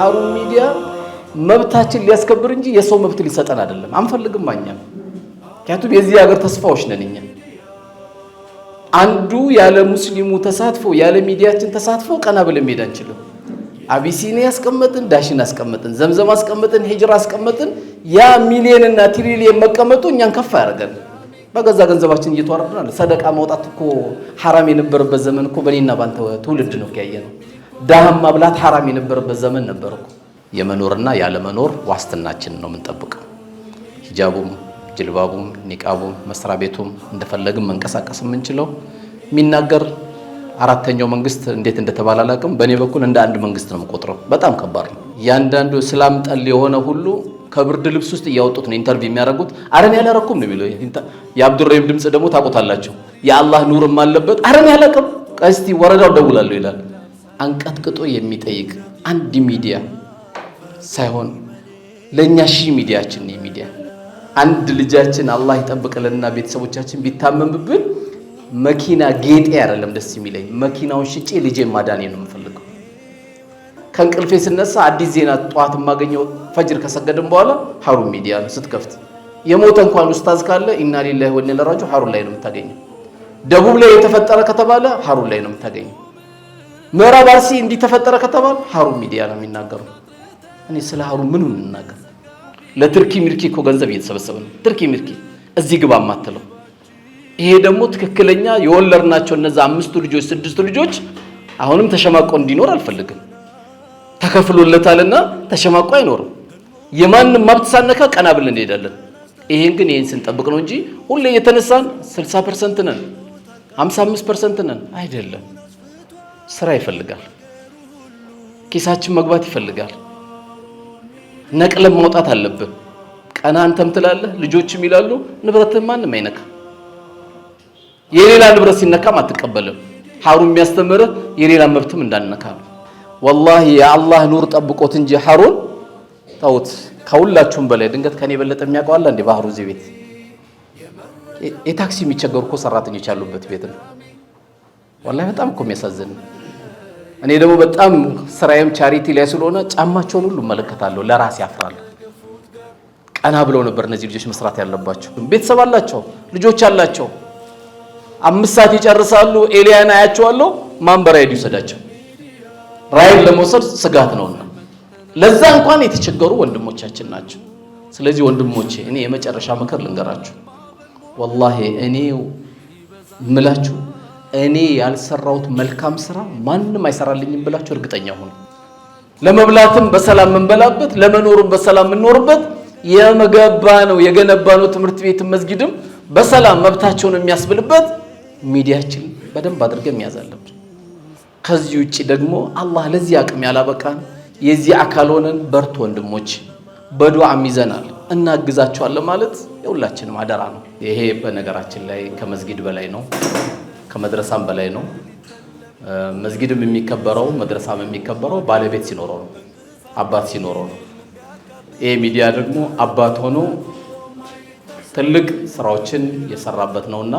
ሀሩን ሚዲያ መብታችን ሊያስከብር እንጂ የሰው መብት ሊሰጠን አይደለም፣ አንፈልግም። እኛም ምክንያቱም የዚህ ሀገር ተስፋዎች ነን። እኛ አንዱ ያለ ሙስሊሙ ተሳትፎ ያለ ሚዲያችን ተሳትፎ ቀና ብለን መሄድ አንችልም። አቢሲኒ ያስቀመጥን፣ ዳሽን አስቀመጥን፣ ዘምዘም አስቀመጥን፣ ሂጅራ አስቀመጥን። ያ ሚሊየንና ትሪሊየን መቀመጡ እኛን ከፍ አያደርገን። በገዛ ገንዘባችን እየተዋረድናል። ሰደቃ ማውጣት እኮ ሐራም የነበረበት ዘመን እኮ በእኔና ባንተ ትውልድ ነው ያየ ነው። ዳህም ማብላት ሐራም የነበረበት ዘመን ነበር የመኖርና ያለመኖር ዋስትናችን ነው የምንጠብቀው። ሂጃቡም፣ ጅልባቡም፣ ኒቃቡም፣ መስሪያ ቤቱም እንደፈለግም መንቀሳቀስ የምንችለው የሚናገር አራተኛው መንግስት እንዴት እንደተባለ አላውቅም። በእኔ በኩል እንደ አንድ መንግስት ነው የምቆጥረው። በጣም ከባድ ነው። እያንዳንዱ እስላም ጠል የሆነ ሁሉ ከብርድ ልብስ ውስጥ እያወጡት ነው ኢንተርቪው የሚያደርጉት። አረን ያላረኩም ነው የሚለው። የአብዱረሂም ድምፅ ደግሞ ታውቁታላቸው። የአላህ ኑርም አለበት። አረን ያላቅም ቀስቲ ወረዳው ደውላለሁ ይላል። አንቀጥቅጦ የሚጠይቅ አንድ ሚዲያ ሳይሆን ለእኛ ሺህ ሚዲያችን ሚዲያ አንድ ልጃችን አላህ ይጠብቅልንና ቤተሰቦቻችን ቢታመምብን መኪና ጌጤ አይደለም ደስ የሚለኝ መኪናውን ሽጬ ልጄን ማዳኔ ነው የምፈልገው። ከእንቅልፌ ስነሳ አዲስ ዜና ጠዋት የማገኘው ፈጅር ከሰገድን በኋላ ሀሩን ሚዲያ ነው ስትከፍት የሞተ እንኳን ኡስታዝ ካለ ኢና ሊላሂ ወኢና ኢለይሂ ራጂዑን ሀሩን ላይ ነው የምታገኘው። ደቡብ ላይ የተፈጠረ ከተባለ ሀሩን ላይ ነው የምታገኘው። ምዕራብ አርሲ እንዲተፈጠረ ከተባለ ሀሩን ሚዲያ ነው የሚናገሩ። እኔ ስለ ሀሩን ምን እንናገር? ለትርኪ ምርኪ እኮ ገንዘብ እየተሰበሰበ ነው። ትርኪ ምርኪ እዚህ ግባ ማትለው ይሄ ደግሞ ትክክለኛ ናቸው እነዛ አምስቱ ልጆች ስድስቱ ልጆች አሁንም ተሸማቆ እንዲኖር አልፈልግም። ተከፍሎለታልና ተሸማቆ አይኖርም። የማንም መብት ሳነካ ቀና ብለን እንሄዳለን። ይሄን ግን ይህን ስንጠብቅ ነው እንጂ ሁሌ የተነሳን 60 ፐርሰንት ነን 55 ፐርሰንት ነን አይደለም። ስራ ይፈልጋል። ኪሳችን መግባት ይፈልጋል። ነቅለን መውጣት አለብን። ቀና አንተም ትላለህ፣ ልጆችም ይላሉ። ንብረትህን ማንም አይነካ። የሌላ ንብረት ሲነካም አትቀበልም። ሀሩን የሚያስተምርህ የሌላ መብትም እንዳነካ ነው። ወላሂ የአላህ ኑር ጠብቆት እንጂ ሀሩን ተውት። ከሁላችሁም በላይ ድንገት ከኔ የበለጠ የሚያውቀው አለ እንዴ? ባህሩ እዚህ ቤት የታክሲ የሚቸገሩ እኮ ሰራተኞች ያሉበት ቤት ነው። ወላሂ በጣም እኮ የሚያሳዝን እኔ ደግሞ በጣም ስራዬም ቻሪቲ ላይ ስለሆነ ጫማቸውን ሁሉ እመለከታለሁ፣ ለራሴ ያፍራለሁ። ቀና ብለው ነበር እነዚህ ልጆች መስራት ያለባቸው። ቤተሰብ አላቸው፣ ልጆች አላቸው። አምስት ሰዓት ይጨርሳሉ። ኤልያን አያቸዋለሁ። ማንበራ ሄዱ ይውሰዳቸው። ራይን ለመውሰድ ስጋት ነውና ለዛ እንኳን የተቸገሩ ወንድሞቻችን ናቸው። ስለዚህ ወንድሞቼ እኔ የመጨረሻ ምክር ልንገራችሁ፣ ወላሂ እኔ ምላችሁ እኔ ያልሰራሁት መልካም ስራ ማንም አይሰራልኝም ብላችሁ እርግጠኛ ሁኑ። ለመብላትም በሰላም የምንበላበት ለመኖርም በሰላም የምንኖርበት የመገባ ነው የገነባ ነው ትምህርት ቤትም መስጊድም በሰላም መብታቸውን የሚያስብልበት ሚዲያችን በደንብ አድርገን መያዝ አለብን። ከዚህ ውጭ ደግሞ አላህ ለዚህ አቅም ያላበቃን የዚህ አካል ሆነን በርቱ ወንድሞች፣ በዱዓም ይዘናል እናግዛቸዋለን ማለት የሁላችንም አደራ ነው። ይሄ በነገራችን ላይ ከመስጊድ በላይ ነው። ከመድረሳም በላይ ነው። መስጊድም የሚከበረው መድረሳም የሚከበረው ባለቤት ሲኖረው ነው፣ አባት ሲኖረው ነው። ይሄ ሚዲያ ደግሞ አባት ሆኖ ትልቅ ስራዎችን የሰራበት ነውና